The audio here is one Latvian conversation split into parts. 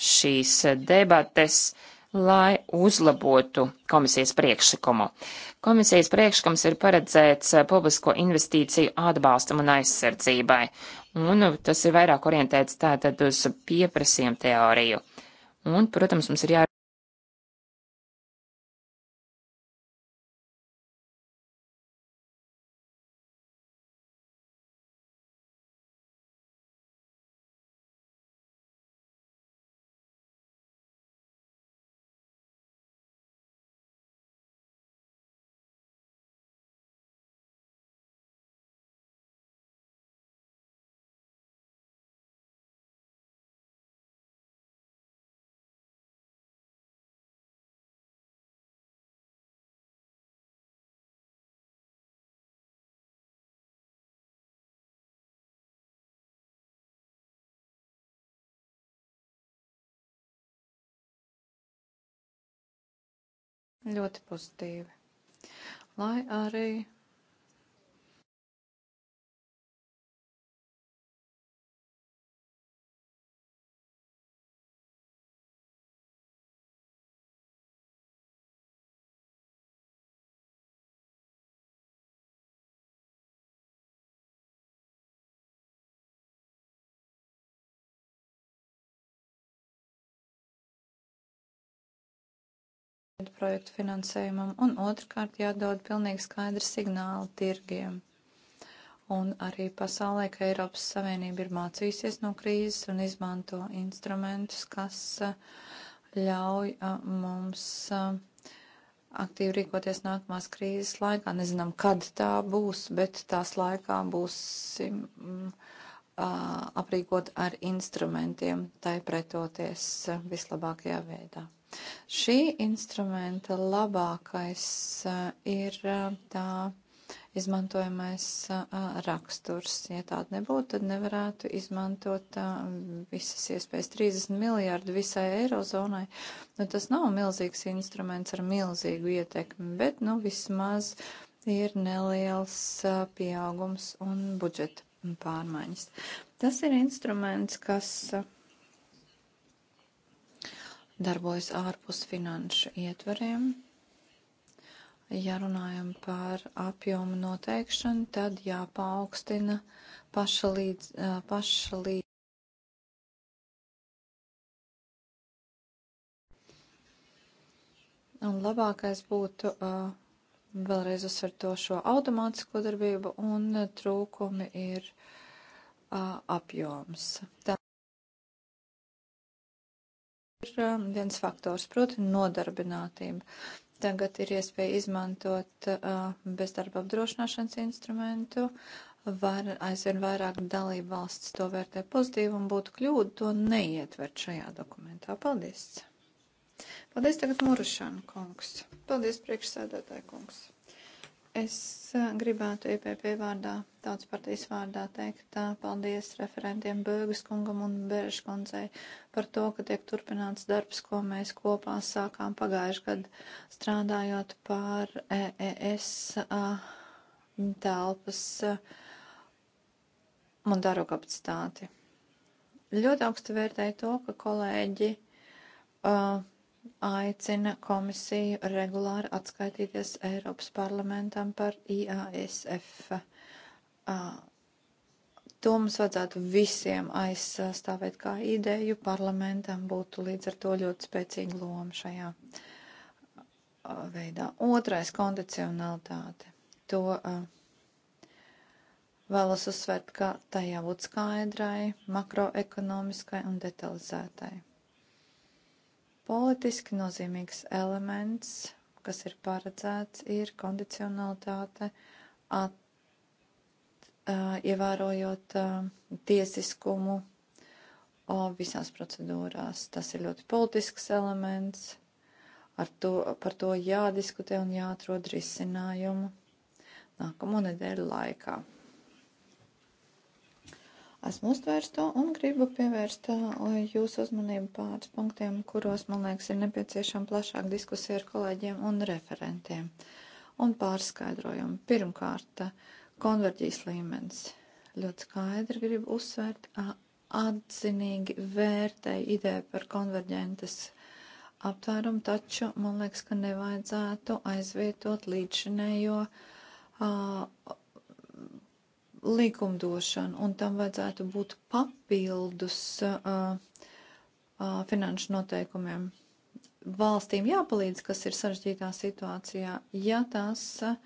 šīs debates, lai uzlabotu komisijas priekšlikumu. Komisijas priekšlikums ir paredzēts publisko investīciju atbalstam un aizsardzībai, un tas ir vairāk orientēts tātad uz pieprasījumu teoriju. Un, protams, mums ir jā. Ļoti pozitīvi. Lai arī piešķirot projektu finansējumam, un otrkārt jādod pilnīgi skaidri signāli tirgiem. Un arī pasaulē, ka Eiropas Savienība ir mācījusies no krīzes un izmanto instrumentus, kas eh, ļauj eh, mums eh, aktīvi rīkoties nākamās krīzes laikā. Nezinām, kad tā būs, bet tās laikā būsim aprīkot ar instrumentiem, tai pretoties vislabākajā veidā. Šī instrumenta labākais eh, ir eh, tā izmantojamais eh, raksturs. Ja tāda nebūtu, tad nevarētu izmantot visas iespējas 30 miljārdu visai eirozonai. Nu, tas nav milzīgs instruments ar milzīgu ietekmi, bet nu, vismaz ir neliels pieaugums un budžeta pārmaiņas. Tas ir instruments, kas darbojas ārpus finanšu ietvariem. Ja runājam par apjomu noteikšanu, tad jāpaukstina paša līdz, paša līdz. Un labākais būtu uh, vēlreiz uzsver to šo automātisko darbību un trūkumi ir uh, apjoms. Tā ir um, viens faktors, proti nodarbinātība. Tagad ir iespēja izmantot uh, bezdarba apdrošināšanas instrumentu, var aizvien vairāk dalību valsts to vērtē pozitīvi un būtu kļūda to neietvert šajā dokumentā. Paldies! Paldies tagad Murušanu kungs. Paldies priekšsēdētāju kungs. Es eh, gribētu IPP e vārdā, tautas partijas vārdā teikt paldies referentiem Bēgas kungam un Bereša kundzei par to, ka tiek turpināts darbs, ko mēs kopā sākām pagājuši gadu strādājot pār EES eh, telpas un eh, daru kapacitāti. Ļoti augstu vērtēju to, ka kolēģi uh, aicina komisiju regulāri atskaitīties Eiropas parlamentam par IASF. To mums vajadzētu visiem aizstāvēt kā ideju. Parlamentam būtu līdz ar to ļoti spēcīga loma šajā veidā. Otrais - kondicionalitāte. To vēlas uzsvērt, ka tajā būtu skaidrai, makroekonomiskai un detalizētai. Politiski nozīmīgs elements, kas ir paredzēts, ir kondicionalitāte, at, uh, ievērojot uh, tiesiskumu uh, visās procedūrās. Tas ir ļoti politisks elements, ar to, par to jādiskutē un jāatrod risinājumu nākamo nedēļu laikā esmu uztvērs to un gribu pievērst jūsu uzmanību pāris punktiem, kuros, man liekas, ir nepieciešama plašāka diskusija ar kolēģiem un referentiem un pārskaidrojumu. Pirmkārt, konverģijas līmenis. Ļoti skaidri gribu uzsvērt, atzinīgi vērtēju ideju par konverģentes aptvērumu, taču man liekas, ka nevajadzētu aizvietot līdzinējo likumdošanu, un tam vajadzētu būt papildus uh, uh, finanšu noteikumiem. Valstīm jāpalīdz, kas ir sarežģītā situācijā, ja tās uh,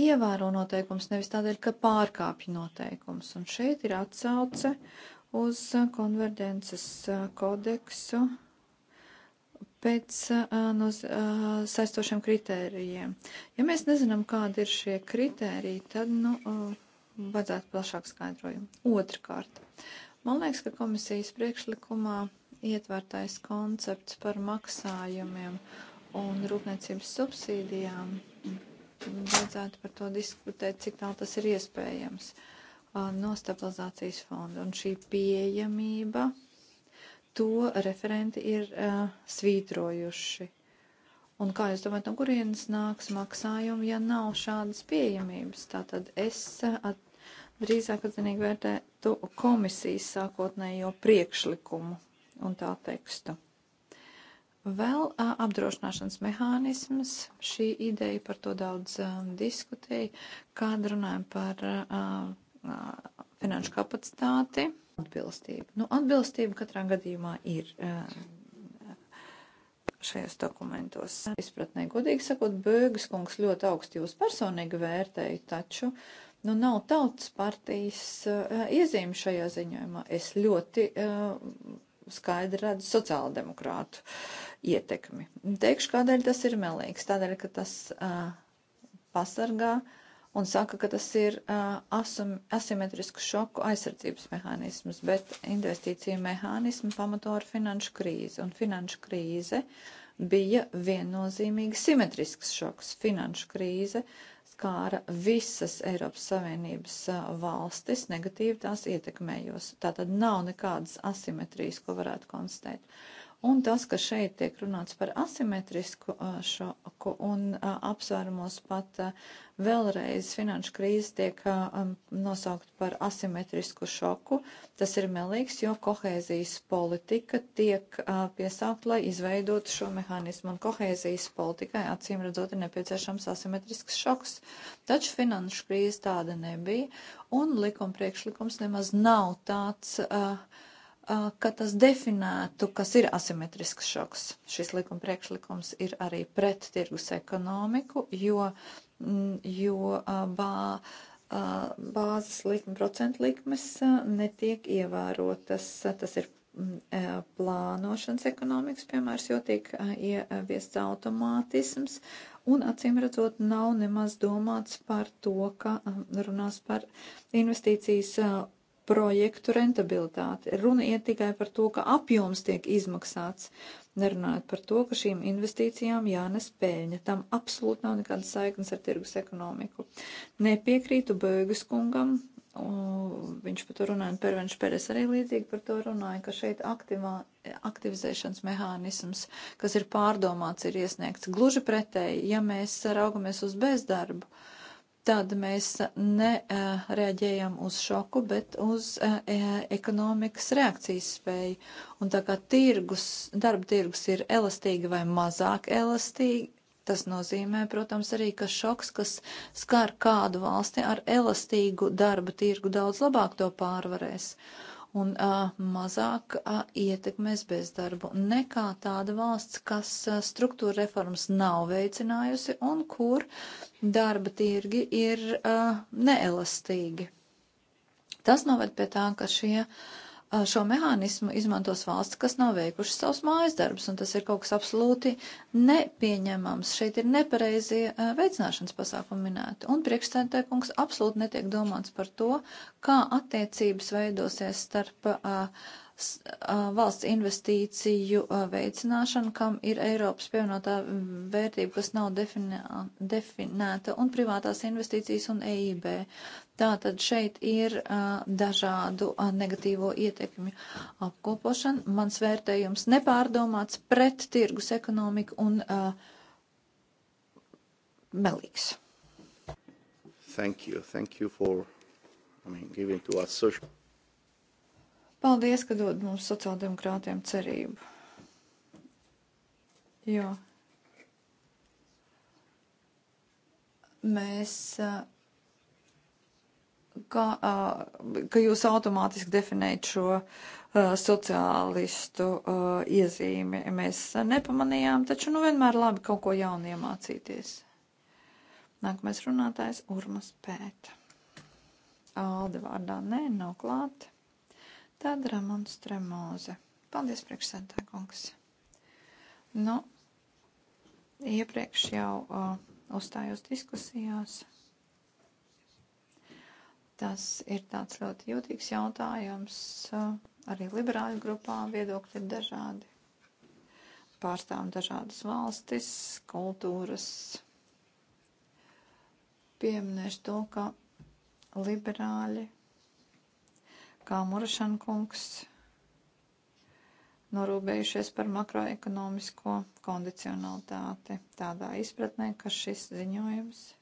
ievēro noteikums, nevis tādēļ, ka pārkāpj noteikums. Un šeit ir atsauce uz konverģences uh, kodeksu pēc uh, no, uh, saistošiem kritērijiem. Ja mēs nezinām, kādi ir šie kritēriji, tad, nu, uh, vajadzētu plašāk skaidrojumu. Otrakārt, man liekas, ka komisijas priekšlikumā ietvērtais koncepts par maksājumiem un rūpniecības subsīdijām vajadzētu par to diskutēt, cik tālu tas ir iespējams no stabilizācijas fonda. Un šī pieejamība, to referenti ir uh, svītrojuši. Un kā jūs domājat, no kurienes nāks maksājumi, ja nav šādas pieejamības? Tātad es at, drīzāk atzinīgi vērtē to komisijas sākotnējo priekšlikumu un tā tekstu. Vēl a, apdrošināšanas mehānisms, šī ideja par to daudz a, diskutēja, kad runājam par a, a, finanšu kapacitāti, atbilstību. Nu, atbilstība katrā gadījumā ir a, šajos dokumentos. Izpratnē, godīgi sakot, Bēgas kungs ļoti augstu jūs personīgi vērtēja, taču. A, nu, nav tautas partijas eh, iezīme šajā ziņojumā. Es ļoti eh, skaidri redzu sociāldemokrātu ietekmi. Teikšu, kādēļ tas ir melīgs. Tādēļ, ka tas eh, pasargā un saka, ka tas ir asimetrisku šoku aizsardzības mehānisms, bet investīcija mehānismi pamato ar finanšu krīzi. Un finanšu krīze bija viennozīmīgi simetrisks šoks. Finanšu krīze uh, skāra visas Eiropas Savienības valstis, negatīvi tās ietekmējos. Tā tad nav nekādas asimetrijas, ko varētu konstatēt. Un tas, ka šeit tiek runāts par asimetrisku šoku un apsvērumos pat vēlreiz finanšu krīze tiek nosaukt par asimetrisku šoku, tas ir melīgs, jo kohēzijas politika tiek piesaukt, lai izveidotu šo mehānismu. Un kohēzijas politikai acīm redzot ir nepieciešams asimetrisks šoks. Taču finanšu krīze tāda nebija, un likuma priekšlikums nemaz nav tāds. Uh, ka tas definētu, kas ir asimetrisks šoks. Šis likuma priekšlikums ir arī pret tirgus ekonomiku, jo, mm, jo bā, bāzes likme, procentu likmes netiek ievērotas. Tas ir mm, plānošanas ekonomikas piemērs, jo tiek ieviests automātisms, un acīm redzot, nav nemaz domāts par to, ka runās par investīcijas projektu rentabilitāti. Runa iet tikai par to, ka apjoms tiek izmaksāts, nerunājot par to, ka šīm investīcijām jānes pēļņa. Tam absolūti nav nekādas saiknes ar tirgus ekonomiku. Nepiekrītu Bēgas kungam, viņš par to runāja, un Pervenš Peres arī līdzīgi par to runāja, ka šeit aktivā, aktivizēšanas mehānisms, kas ir pārdomāts, ir iesniegts gluži pretēji, ja mēs raugamies uz bezdarbu. Uh, tad mēs nereaģējam uz šoku, bet uz ekonomikas reakcijas spēju. Un tā kā tirgus, darba tirgus ir elastīgi vai mazāk elastīgi, tas nozīmē, protams, arī, ka šoks, kas skar kādu valsti ar elastīgu darba tirgu, daudz labāk to pārvarēs un uh, mazāk uh, ietekmēs bezdarbu nekā tāda valsts, kas uh, struktūra reformas nav veicinājusi un kur darba tirgi ir uh, neelastīgi. Tas noved pie tā, ka šie uh, šo mehānismu izmantos valsts, kas nav veikušas savus mājas darbus, un tas ir kaut kas absolūti nepieņemams. Šeit ir nepareizie veicināšanas pasākumi minēti, un priekšstādātāja kungs absolūti netiek domāts par to, kā attiecības veidosies starp a, s, a, valsts investīciju a, veicināšanu, kam ir Eiropas pievienotā vērtība, kas nav definē, definēta, un privātās investīcijas un EIB. Tātad šeit ir uh, dažādu uh, negatīvo ietekmi apkopošana. Mans vērtējums nepārdomāts pret tirgus ekonomiku un uh, melīgs. Thank you. Thank you for I mean, giving to us social. Paldies, ka dod mums sociāldemokrātiem cerību. Jo. Mēs. Uh, ka, ka jūs automātiski definējat šo sociālistu iezīmi. Mēs nepamanījām, taču nu vienmēr labi kaut ko jaunu iemācīties. Nākamais runātājs Urmas pēta. Alde vārdā nē, nav klāt. Tad Ramons Tremoze. Paldies, priekšsēdētāj, kungs. Nu, iepriekš jau uh, uzstājos diskusijās. Tas ir tāds ļoti jūtīgs jautājums. Uh, arī liberāļu grupā viedokļi ir dažādi. Pārstāvam dažādas valstis, kultūras. Pieminēšu to, ka liberāļi, kā Murašankungs, norūpējušies par makroekonomisko kondicionalitāti tādā izpratnē, ka šis ziņojums –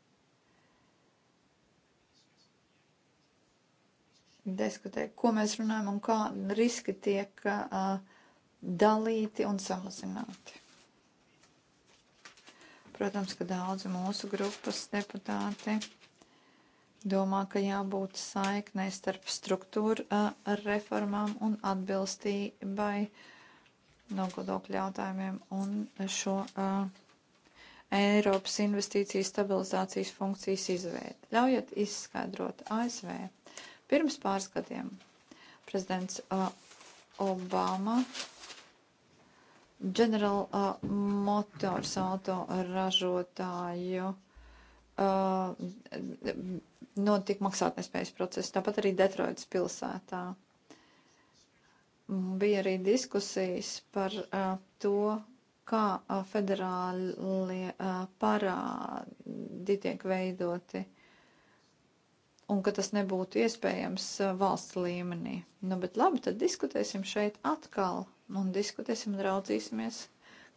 diskutē, ko mēs runājam un kā riski tiek uh, dalīti un samazināti. Protams, ka daudzi mūsu grupas deputāti domā, ka jābūt saiknei starp struktūru uh, reformām un atbilstībai nogodokļu jautājumiem un šo uh, Eiropas investīciju stabilizācijas funkcijas izveidi. Ļaujiet izskaidrot ASV Pirms pāris gadiem prezidents uh, Obama General uh, Motors auto ražotāju uh, notika maksātnespējas process, tāpat arī Detroitas pilsētā. Bija arī diskusijas par uh, to, kā uh, federālie uh, parādi tiek veidoti un ka tas nebūtu iespējams eh, valsts līmenī. Nu, bet labi, tad diskutēsim šeit atkal un diskutēsim un raudzīsimies,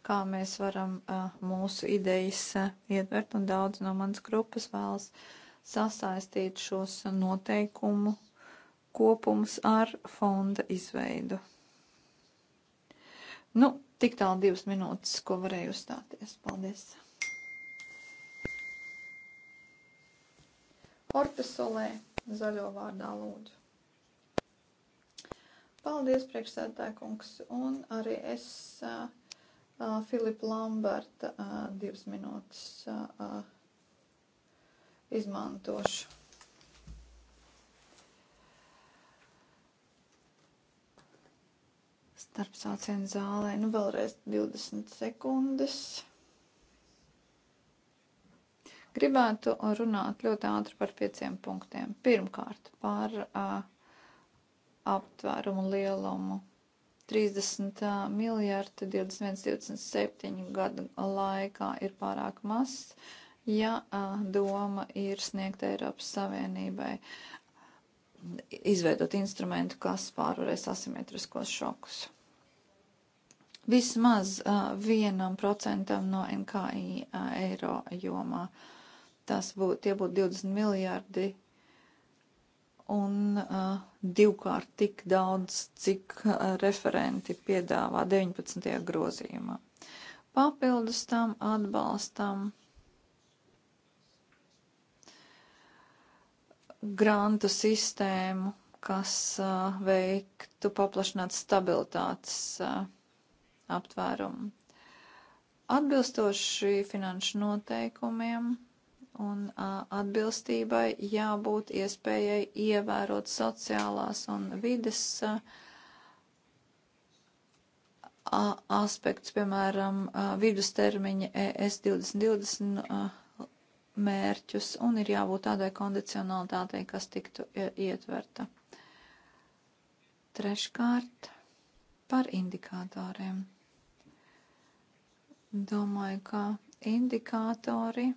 kā mēs varam uh, mūsu idejas uh, ietvert, un daudz no manas grupas vēlas sasaistīt šos noteikumu kopums ar fonda izveidu. Nu, tik tālu divas minūtes, ko varēju uzstāties. Paldies! Orpesolē, zaļo vārdā lūdzu. Paldies, priekšsēdētāji kungs, un arī es, uh, uh, Filipa Lamberta, uh, divas minūtes uh, uh, izmantošu. Starp sācienu zālē, nu vēlreiz 20 sekundes. Gribētu runāt ļoti ātri par pieciem punktiem. Pirmkārt, par uh, aptvērumu lielumu. 30 miljardi 21, 27 gadu laikā ir pārāk mazs, ja uh, doma ir sniegt Eiropas Savienībai izveidot instrumentu, kas pārvarēs asimetriskos šokus. Vismaz uh, vienam procentam no NKI uh, eiro jomā. Uh, Tas būtu, tie būtu 20 miljārdi un uh, divkārt tik daudz, cik uh, referenti piedāvā 19. grozījumā. Papildus tam atbalstam grantu sistēmu, kas uh, veiktu paplašināt stabilitātes uh, aptvērumu. Atbilstoši finanšu noteikumiem un atbilstībai jābūt iespējai ievērot sociālās un vides aspekts, piemēram, vidustermiņa ES 2020 mērķus, un ir jābūt tādai kondicionalitātei, kas tiktu ietverta. Treškārt, par indikatoriem. Domāju, ka indikatori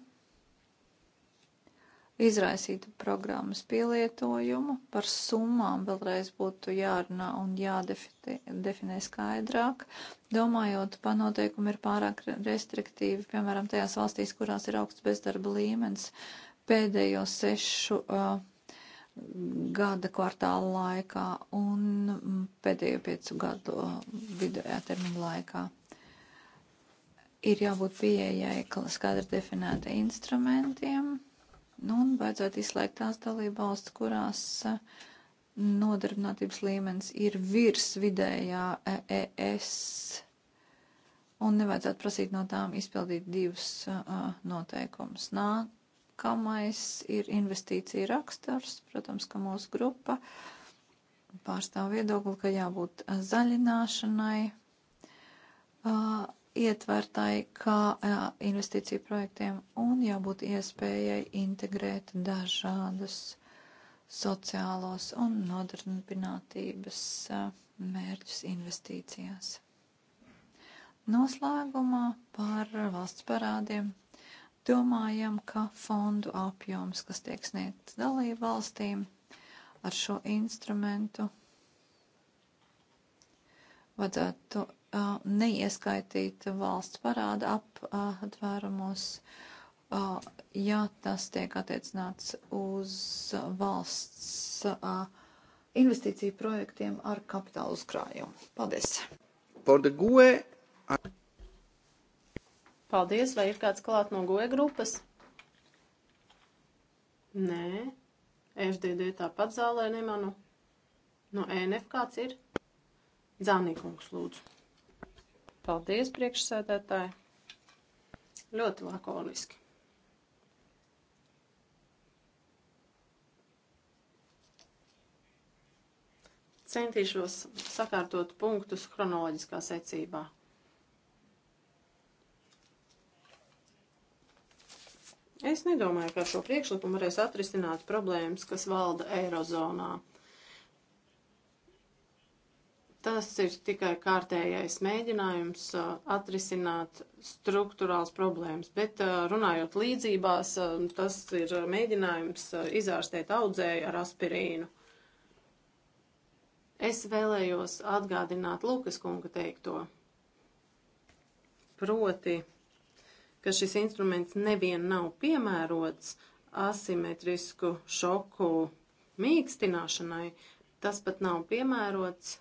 izraisītu programmas pielietojumu. Par summām vēlreiz būtu jārunā un jādefinē skaidrāk. Domājot, panoteikumi ir pārāk restriktīvi, piemēram, tajās valstīs, kurās ir augsts bezdarba līmenis pēdējo sešu uh, gada kvartāla laikā un mm, pēdējo piecu gadu uh, vidējā termiņa laikā ir jābūt pieejai skaidri definēta instrumentiem, Nu, un vajadzētu izslēgt tās dalībvalsts, kurās eh, nodarbinātības līmenis ir virs vidējā ES. Eh, e un nevajadzētu prasīt no tām izpildīt divus uh, noteikumus. Nākamais ir investīcija raksturs. Protams, ka mūsu grupa pārstāv viedokli, ka jābūt zaļināšanai. Uh, ietvertai kā investīciju projektiem un jābūt iespējai integrēt dažādus sociālos un nodarbinātības eh, mērķus investīcijās. Noslēgumā par valsts parādiem domājam, ka fondu apjoms, kas tiek sniegts dalību valstīm ar šo instrumentu, vajadzētu uh, neieskaitīt valsts parāda aptvērumos. Uh, ja tas tiek attiecināts uz valsts investīciju projektiem ar kapitālu uzkrājumu. Paldies! Paldies! Vai ir kāds klāt no goja grupas? Nē, FDD tāpat zālē nemanu. No ENF kāds ir? Dzānīkungs lūdzu. Paldies, priekšsēdētāji. Ļoti lakoniski. Centīšos sakārtot punktus chronoloģiskā secībā. Es nedomāju, ka ar šo priekšlikumu varēs atrisināt problēmas, kas valda Eirozonā. Tas ir tikai kārtējais mēģinājums uh, atrisināt struktūrāls problēmas, bet uh, runājot līdzībās, um, tas ir mēģinājums uh, izārstēt audzēju ar aspirīnu. Es vēlējos atgādināt Lūkas kunga teikto. Proti, ka šis instruments nevien nav piemērots asimetrisku šoku mīkstināšanai, tas pat nav piemērots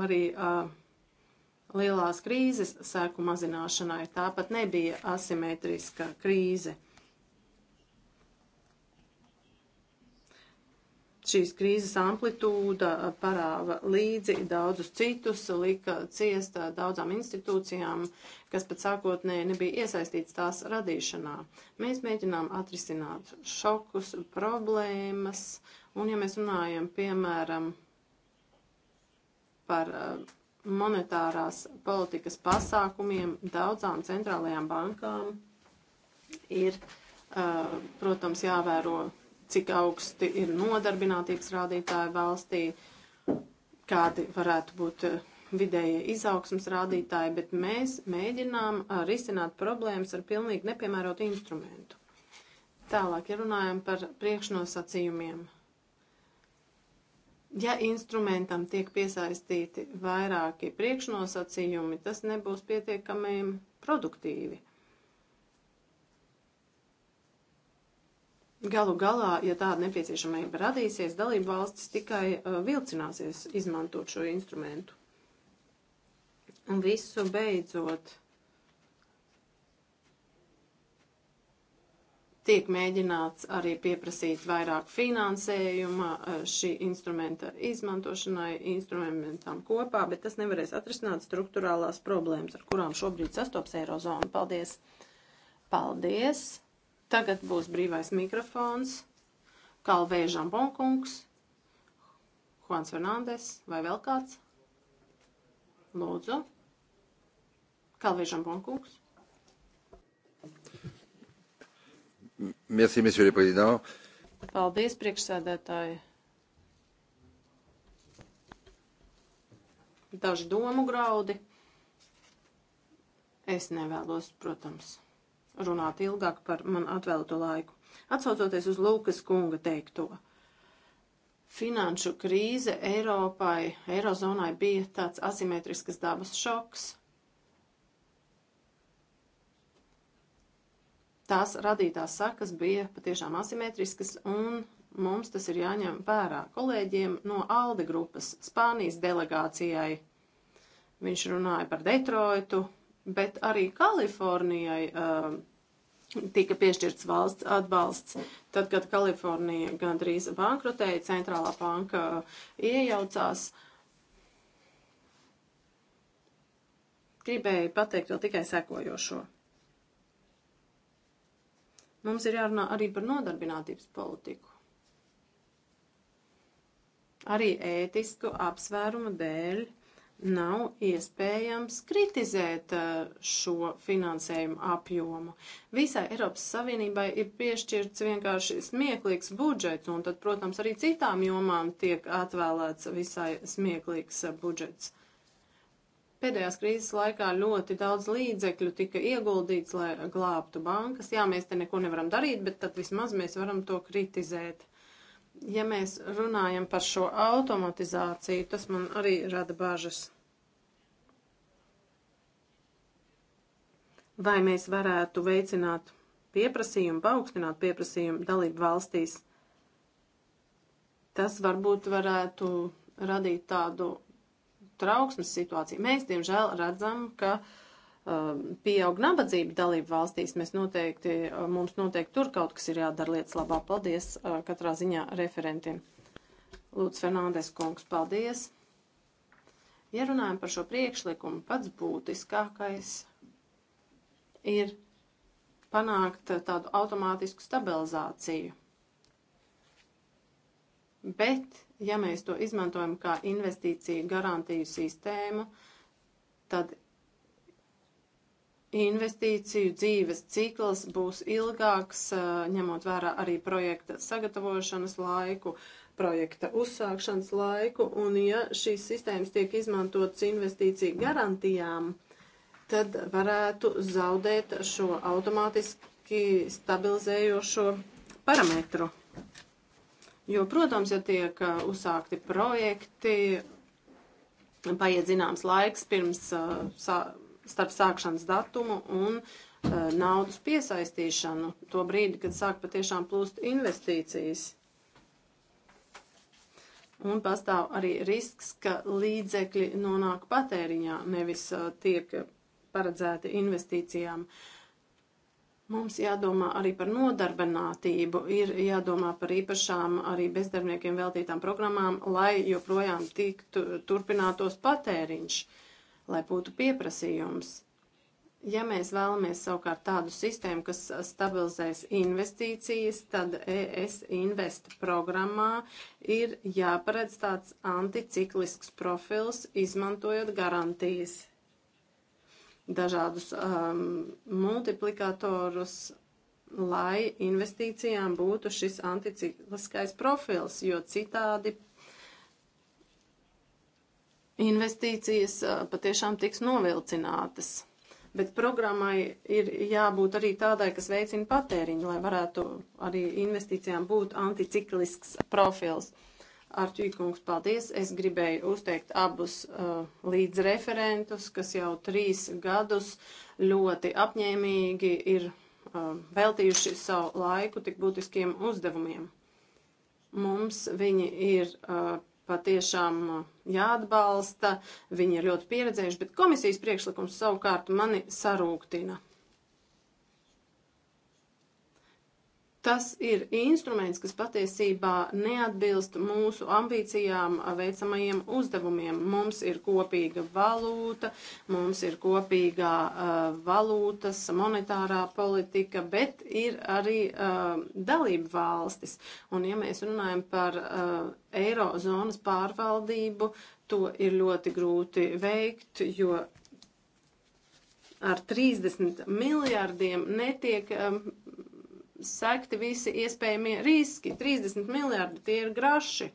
arī uh, lielās krīzes sēku mazināšanai. Tā pat nebija asimetriska krīze. šīs krīzes amplitūda parāva līdzi daudzus citus, lika ciest daudzām institūcijām, kas pat sākotnēji nebija iesaistīts tās radīšanā. Mēs mēģinām atrisināt šokus, problēmas, un ja mēs runājam, piemēram, par monetārās politikas pasākumiem, daudzām centrālajām bankām ir, protams, jāvēro cik augsti ir nodarbinātības rādītāji valstī, kādi varētu būt eh, vidēja izaugsmas rādītāji, bet mēs mēģinām eh, risināt problēmas ar pilnīgi nepiemērotu instrumentu. Tālāk, ja runājam par priekšnosacījumiem. Ja instrumentam tiek piesaistīti vairāki priekšnosacījumi, tas nebūs pietiekami produktīvi. Galu galā, ja tāda nepieciešamība radīsies, dalību valstis tikai uh, vilcināsies izmantot šo instrumentu. Un visu beidzot tiek mēģināts arī pieprasīt vairāk finansējuma uh, šī instrumenta izmantošanai, instrumentam kopā, bet tas nevarēs atrisināt struktūrālās problēmas, ar kurām šobrīd sastopas Eirozona. Paldies! Paldies! Tagad būs brīvais mikrofons. Kalvēja Žambonkungs, Juans Fernandes vai vēl kāds? Lūdzu. Kalvēja Žambonkungs. Merci, monsieur le président. Paldies, priekšsēdētāji. Daži domu graudi. Es nevēlos, protams runāt ilgāk par man atvēlto laiku. Atsaucoties uz Lūkas kunga teikto, finanšu krīze Eiropai, Eirozonai bija tāds asimetriskas dabas šoks. Tās radītās sakas bija patiešām asimetriskas un mums tas ir jāņem vērā. Kolēģiem no Alde grupas Spānijas delegācijai viņš runāja par Detroitu, bet arī Kalifornijai uh, tika piešķirts valsts atbalsts. Tad, kad Kalifornija gandrīz bankrotēja, centrālā banka eh, iejaucās. Gribēju pateikt vēl tikai sekojošo. Mums ir jārunā arī par nodarbinātības politiku. Arī ētisku apsvērumu dēļ nav iespējams kritizēt eh, šo finansējumu apjomu. Visai Eiropas Savienībai ir piešķirts vienkārši smieklīgs budžets, un tad, protams, arī citām jomām tiek atvēlēts visai smieklīgs eh, budžets. Pēdējās krīzes laikā ļoti daudz līdzekļu tika ieguldīts, lai glābtu bankas. Jā, mēs te neko nevaram darīt, bet tad vismaz mēs varam to kritizēt. Ja mēs runājam par šo automatizāciju, tas man arī rada bažas. Vai mēs varētu veicināt pieprasījumu, paaugstināt pieprasījumu dalību valstīs? Tas varbūt varētu radīt tādu trauksmes situāciju. Mēs, diemžēl, redzam, ka uh, Um, pieaug nabadzība dalību valstīs, mēs noteikti, uh, mums noteikti tur kaut kas ir jādara lietas labā. Paldies uh, katrā ziņā referentiem. Lūdzu, Fernandes kungs, paldies. Ja runājam par šo priekšlikumu, pats būtiskākais ir panākt tādu automātisku stabilizāciju. Bet, ja mēs to izmantojam kā investīciju garantiju sistēmu, tad investīciju dzīves cikls būs ilgāks, ņemot vērā arī projekta sagatavošanas laiku, projekta uzsākšanas laiku, un ja šīs sistēmas tiek izmantotas investīciju garantijām, tad varētu zaudēt šo automātiski stabilizējošo parametru. Jo, protams, ja tiek uzsākti projekti, paiet zināms laiks pirms uh, starp sākšanas datumu un uh, naudas piesaistīšanu, to brīdi, kad sāk patiešām plūst investīcijas. Un pastāv arī risks, ka līdzekļi nonāk patēriņā, nevis uh, tiek paredzēti investīcijām. Mums jādomā arī par nodarbinātību, ir jādomā par īpašām arī bezdarbniekiem veltītām programmām, lai joprojām tiktu turpinātos patēriņš. Uh, lai būtu pieprasījums. Ja mēs vēlamies savukārt tādu sistēmu, kas stabilizēs investīcijas, tad ES Invest programmā ir jāparedz tāds anticiklisks profils, izmantojot garantijas, dažādus um, multiplikatorus, lai investīcijām būtu šis anticikliskais profils, jo citādi investīcijas patiešām tiks novilcinātas. Bet programmai ir jābūt arī tādai, kas veicina patēriņu, lai varētu arī investīcijām būt anticiklisks profils. Arķīkungs, paldies! Es gribēju uzteikt abus uh, līdzreferentus, kas jau trīs gadus ļoti apņēmīgi ir uh, veltījuši savu laiku tik būtiskiem uzdevumiem. Mums viņi ir uh, patiešām uh, jāatbalsta. Viņi ir ļoti pieredzējuši, bet komisijas priekšlikums savukārt mani sarūktina. Tas ir instruments, kas patiesībā neatbilst mūsu ambīcijām veicamajiem uzdevumiem. Mums ir kopīga valūta, mums ir kopīgā uh, valūtas, monetārā politika, bet ir arī uh, dalība valstis. Un ja mēs runājam par uh, eirozonas pārvaldību, to ir ļoti grūti veikt, jo ar 30 miljārdiem netiek. Um, sekti visi iespējamie riski. 30 miljardi tie ir graši.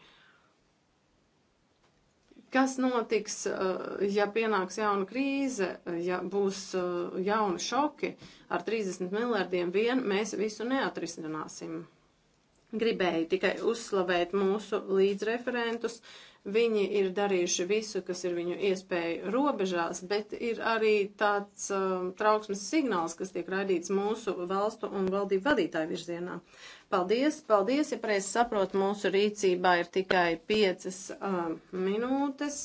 Kas notiks, eh, ja pienāks jauna krīze, ja būs eh, jauni šoki? Ar 30 miljardiem vien mēs visu neatrisināsim. Gribēju tikai uzslavēt mūsu līdzreferentus. Uh, Viņi ir darījuši visu, kas ir viņu iespēju robežās, bet ir arī tāds um, trauksmes signāls, kas tiek raidīts mūsu valstu un valdību vadītāju virzienā. Paldies, paldies, ja pareizi saprot, mūsu rīcībā ir tikai piecas um, minūtes,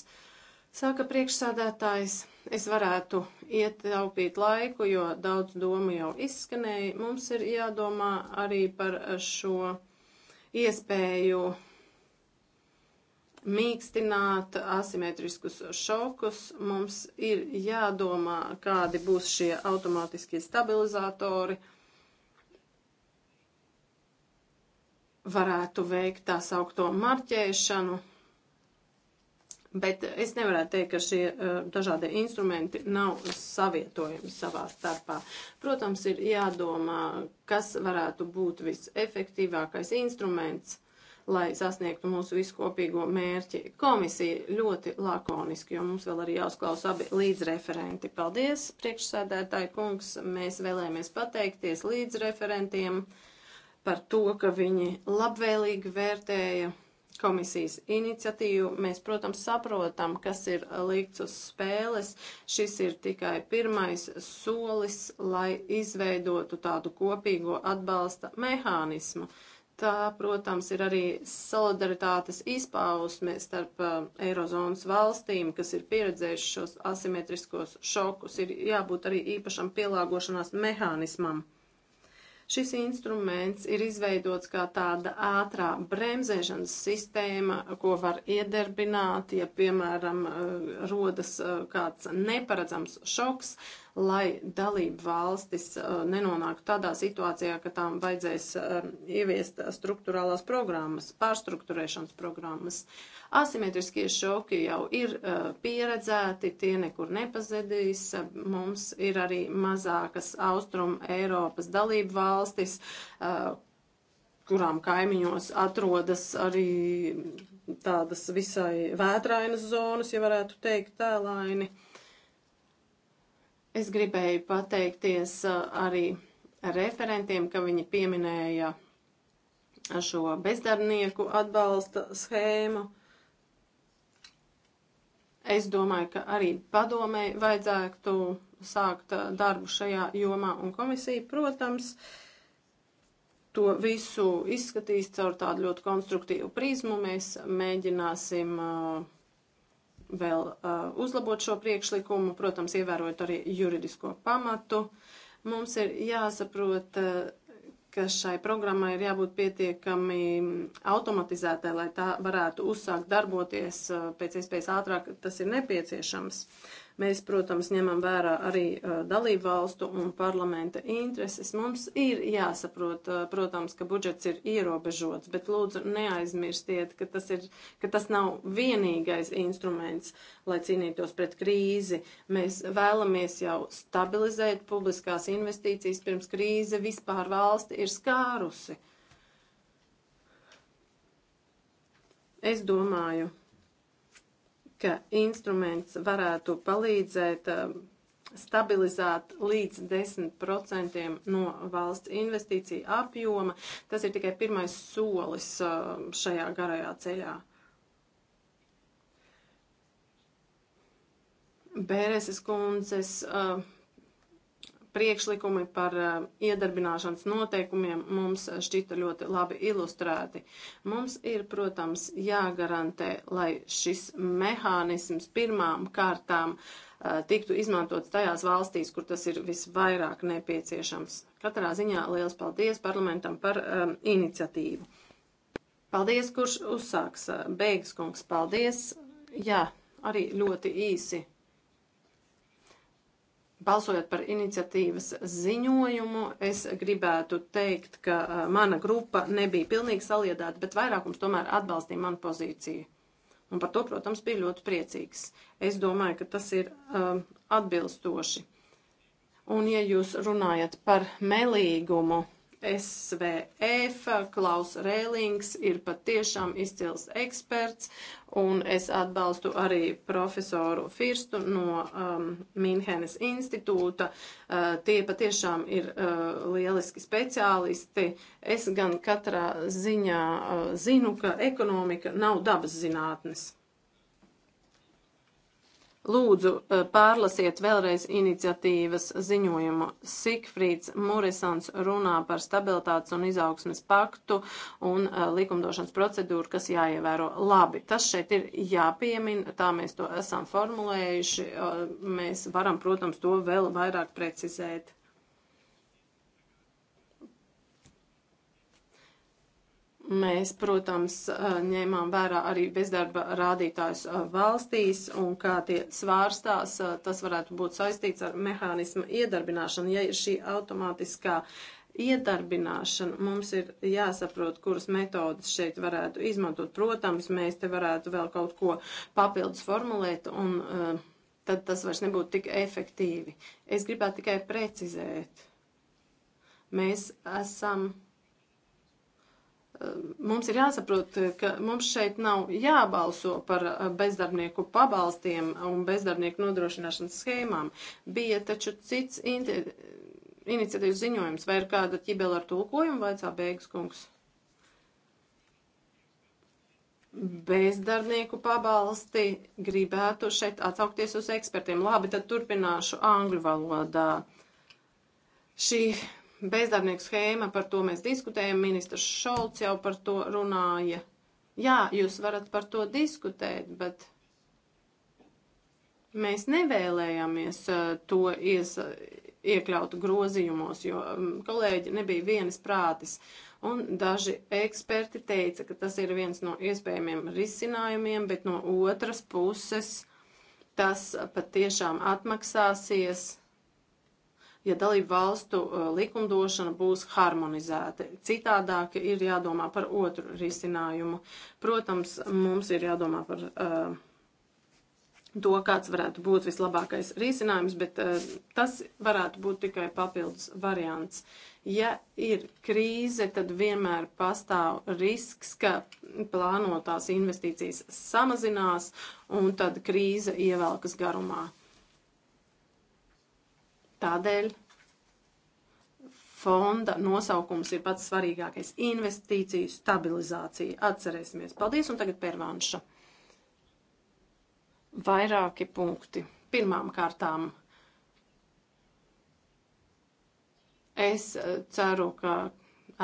saka priekšsādātājs es varētu ietaupīt laiku, jo daudz domu jau izskanēja. Mums ir jādomā arī par šo iespēju mīkstināt asimetriskus šokus. Mums ir jādomā, kādi būs šie automātiskie stabilizatori. Varētu veikt tā saukto marķēšanu, bet es nevarētu teikt, ka šie uh, dažādie instrumenti nav savietojami savā starpā. Protams, ir jādomā, kas varētu būt visefektīvākais instruments lai sasniegtu mūsu viskopīgo mērķi. Komisija ļoti lakoniski, jo mums vēl arī jāuzklaus abi līdzreferenti. Paldies, priekšsēdētāji kungs, mēs vēlēmies pateikties līdzreferentiem par to, ka viņi labvēlīgi vērtēja komisijas iniciatīvu. Mēs, protams, saprotam, kas ir likts uz spēles. Šis ir tikai pirmais solis, lai izveidotu tādu kopīgo atbalsta mehānismu. Uh, Tā, protams, ir arī solidaritātes izpausme starp uh, Eirozonas valstīm, kas ir pieredzējuši šos asimetriskos šokus. Ir jābūt arī īpašam pielāgošanās mehānismam. Šis instruments ir izveidots kā tāda ātrā bremzēšanas sistēma, ko var iedarbināt, ja, piemēram, uh, rodas uh, kāds neparedzams šoks. Uh, lai dalību valstis uh, nenonāktu tādā situācijā, ka tām vajadzēs um, ieviest struktūrālās programmas, pārstruktūrēšanas programmas. Asimetriskie šoki jau ir uh, pieredzēti, tie nekur nepazedīs. Mums ir arī mazākas Austrum Eiropas dalību valstis, uh, kurām kaimiņos atrodas arī tādas visai vētrainas zonas, ja varētu teikt tēlaini. Tā Es gribēju pateikties arī referentiem, ka viņi pieminēja šo bezdarbnieku atbalsta schēmu. Es domāju, ka arī padomēji vajadzētu sākt darbu šajā jomā, un komisija, protams, to visu izskatīs caur tādu ļoti konstruktīvu prizmu. Mēs mēģināsim uh, vēl uh, uzlabot šo priekšlikumu, protams, ievērojot arī juridisko pamatu. Mums ir jāsaprot, uh, ka šai programmai ir jābūt pietiekami automatizētai, lai tā varētu uzsākt darboties uh, pēc iespējas ātrāk, tas ir nepieciešams. Uh, Mēs, protams, ņemam vērā arī dalību valstu un parlamenta intereses. Mums ir jāsaprot, protams, ka budžets ir ierobežots, bet lūdzu neaizmirstiet, ka tas, ir, ka tas nav vienīgais instruments, lai cīnītos pret krīzi. Mēs vēlamies jau stabilizēt publiskās investīcijas pirms krīze vispār valsti ir skārusi. Es domāju, ka instruments varētu palīdzēt um, stabilizēt līdz 10% no valsts investīciju apjoma. Tas ir tikai pirmais solis um, šajā garajā ceļā. Bēreses kundzes uh, priekšlikumi par eh, iedarbināšanas noteikumiem mums eh, šķita ļoti labi ilustrēti. Mums ir, protams, jāgarantē, lai šis mehānisms pirmām kārtām eh, tiktu izmantots tajās valstīs, kur tas ir visvairāk nepieciešams. Katrā ziņā liels paldies parlamentam par um, iniciatīvu. Paldies, kurš uzsāks. Beigas kungs, paldies. Jā, arī ļoti īsi. Balsojot par iniciatīvas ziņojumu, es gribētu teikt, ka mana grupa nebija pilnīgi saliedāta, bet vairākums tomēr atbalstīja manu pozīciju. Un par to, protams, bija ļoti priecīgs. Es domāju, ka tas ir um, atbilstoši. Un, ja jūs runājat par melīgumu, SVF, Klaus Rēlings ir patiešām izcils eksperts, un es atbalstu arī profesoru Firstu no um, Minhenes institūta. Uh, tie patiešām ir uh, lieliski speciālisti. Es gan katrā ziņā uh, zinu, ka ekonomika nav dabas zinātnes. Lūdzu, eh, pārlasiet vēlreiz iniciatīvas ziņojumu. Sikfrīds Murisans runā par stabilitātes un izaugsmes paktu un eh, likumdošanas procedūru, kas jāievēro labi. Tas šeit ir jāpiemina, tā mēs to esam formulējuši. Eh, mēs varam, protams, to vēl vairāk precizēt. Mēs, protams, ņēmām vērā arī bezdarba rādītājus valstīs un kā tie svārstās, tas varētu būt saistīts ar mehānismu iedarbināšanu. Ja ir šī automātiskā iedarbināšana, mums ir jāsaprot, kuras metodas šeit varētu izmantot. Protams, mēs te varētu vēl kaut ko papildus formulēt un tad tas vairs nebūtu tik efektīvi. Es gribētu tikai precizēt. Mēs esam Mums ir jāsaprot, ka mums šeit nav jābalso par bezdarbnieku pabalstiem un bezdarbnieku nodrošināšanas schēmām. Bija taču cits iniciatīvas ziņojums, vai ir kāda ķibela ar tulkojumu, vaicā Bēgas kungs. Bezdarbnieku pabalsti gribētu šeit atsaukties uz ekspertiem. Labi, tad turpināšu angļu valodā. Šī bezdarbnieku schēma, par to mēs diskutējam, ministrs Šolts jau par to runāja. Jā, jūs varat par to diskutēt, bet mēs nevēlējāmies uh, to ies, iekļaut grozījumos, jo um, kolēģi nebija vienas prātis. Un daži eksperti teica, ka tas ir viens no iespējamiem risinājumiem, bet no otras puses tas patiešām atmaksāsies ja dalību valstu uh, likumdošana būs harmonizēta. Citādāk ir jādomā par otru risinājumu. Protams, mums ir jādomā par uh, to, kāds varētu būt vislabākais risinājums, bet uh, tas varētu būt tikai papildus variants. Ja ir krīze, tad vienmēr pastāv risks, ka plānotās investīcijas samazinās un tad krīze ievelkas garumā. Tādēļ fonda nosaukums ir pats svarīgākais - investīciju stabilizācija. Atcerēsimies. Paldies, un tagad pērvanša. Vairāki punkti. Pirmām kārtām es eh, ceru, ka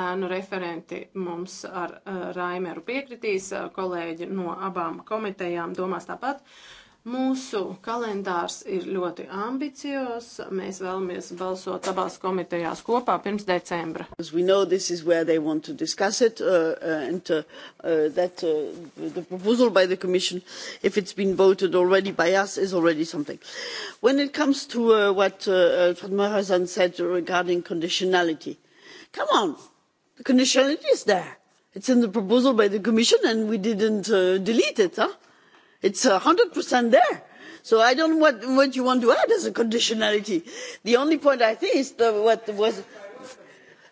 ēnu referenti mums ar eh, Raimeru piekritīs, eh, kolēģi no abām komitejām domās tāpat. Uh, Mūsu kalendārs ir ļoti ambicios. Mēs vēlamies balsot abās komitejās kopā pirms decembra. Know, it, uh, uh, and, uh, uh that, uh, the commission if it's been voted already by us is already something. When it comes to uh, what uh, uh Alfred Morazan said regarding conditionality, come on, the conditionality is there. It's in the proposal by the commission and we didn't uh, delete it. Huh? it's one hundred there so i don't know what you want to add as a conditionality. the only point i think is what was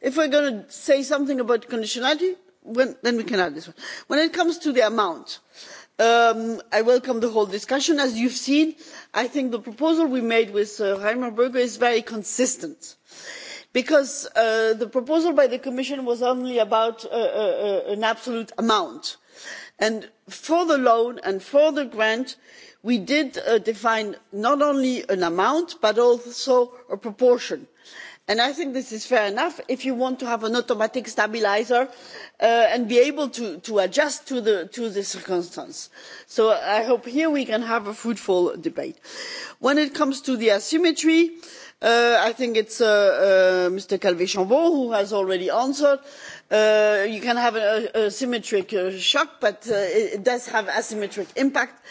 if we are going to say something about conditionality when, then we can add this one. when it comes to the amount um, i welcome the whole discussion. as you have seen i think the proposal we made with uh, reimer bge is very consistent because uh, the proposal by the commission was only about uh, uh, uh an absolute amount and for the loan and for the grant we did uh, define not only an amount but also a proportion and and i think this is fair enough if you want to have an automatic stabiliser uh, and be able to, to adjust to the, to the circumstance. so i hope here we can have a fruitful debate. when it comes to the asymmetry uh, i think it's uh, uh mr calvet chambon who has already answered. Uh, you can have a, a symmetric uh, shock but uh, it does have asymmetric impact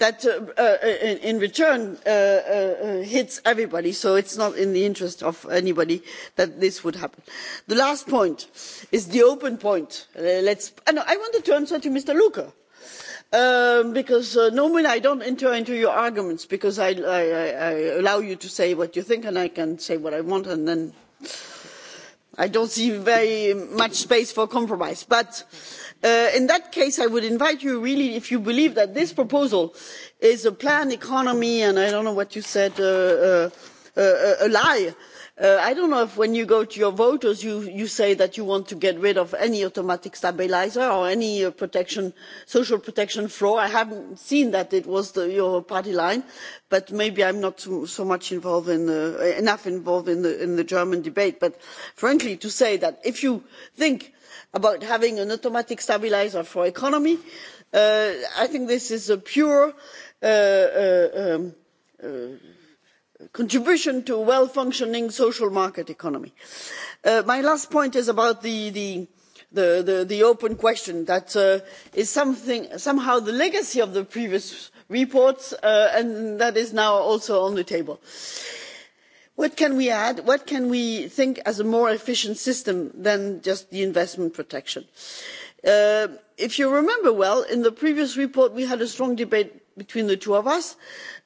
that uh, uh, uh, in, in return hits everybody so it's not in the interest of anybody that this would happen. the last point is the open point. No, i wanted to answer to mr louca um, because normally i don't enter into your arguments because I, I, I allow you to say what you think and i can say what i want and then i don't see very much space for compromise but uh, in that case i would invite you really if you believe that this proposal is a planned economy and i don't know what you said uh, uh, uh a lie Uh, i do not know if when you go to your voters you, you say that you want to get rid of any automatic stabiliser or any uh, protection, social protection floor. i have not seen that it was the, your party line but maybe i am not so, so much involved in, uh, enough involved in the, in the german debate. but frankly to say that if you think about having an automatic stabiliser for the economy uh, i think this is a pure uh, uh, um, contribution to a well functioning social market economy. Uh, my last point is about the, the, the, the, the open question that uh, is something, somehow the legacy of the previous reports uh, and that is now also on the table. What can we add? What can we think as a more efficient system than just the investment protection? Uh, if you remember well, in the previous report we had a strong debate between the two of us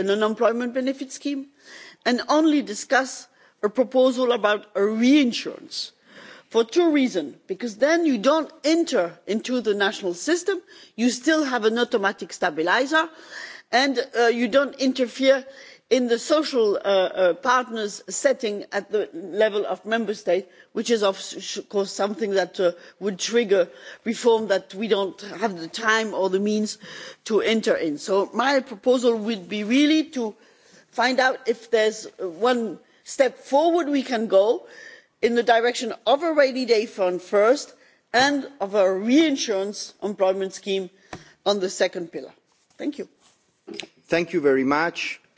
an unemployment benefit scheme and only discuss a proposal about reinsurance for two reasons because then you do not enter into the national system you still have an automatic stabiliser and uh, you do not interfere in the social uh, uh, partners setting at the level of member states which is of course something that uh, would trigger reform that we do not have the time or the means to enter into. so my proposal would be really to find out if there is uh, one step forward we can go in the direction of a rainy day fund first and of a reinsurance employment scheme on the second pillar. thank you. thank you very much